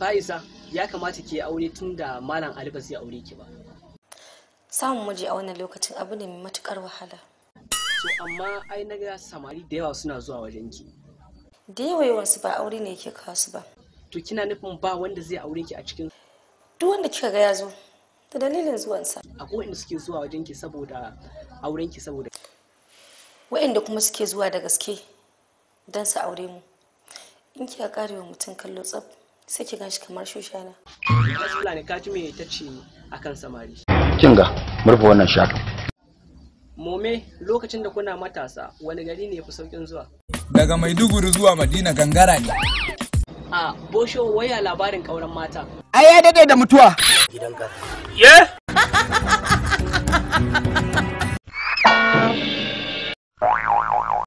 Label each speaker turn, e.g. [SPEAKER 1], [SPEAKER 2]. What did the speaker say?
[SPEAKER 1] Faiza ya kamata ki aure tun da Malam Ali ba zai aure ki ba.
[SPEAKER 2] Samun miji a wannan lokacin abu ne mai matukar wahala.
[SPEAKER 1] So amma ai na ga samari
[SPEAKER 3] da yawa suna zuwa wajen ki.
[SPEAKER 2] Da yawa yawan su ba aure ne yake kawo su ba. To kina nufin ba wanda zai aure ki a cikin Duk wanda kika ga ya zo da dalilin zuwansa.
[SPEAKER 4] Akwai wanda suke zuwa wajen ki saboda auren ki saboda
[SPEAKER 2] Wa'inda kuma suke zuwa da gaske don su aure mu. In kika karewa mutum kallo tsaf sai ki gashi kamar shushana fulani ka ci me ta ce akan samari
[SPEAKER 5] kinga murfa wannan shaka
[SPEAKER 1] mome lokacin da kuna matasa wani gari ne fi saukin zuwa
[SPEAKER 6] daga maiduguri zuwa madina gangara ne
[SPEAKER 7] a bosho waya labarin kauran mata
[SPEAKER 6] ai ya dade da mutuwa gidan ka
[SPEAKER 7] ye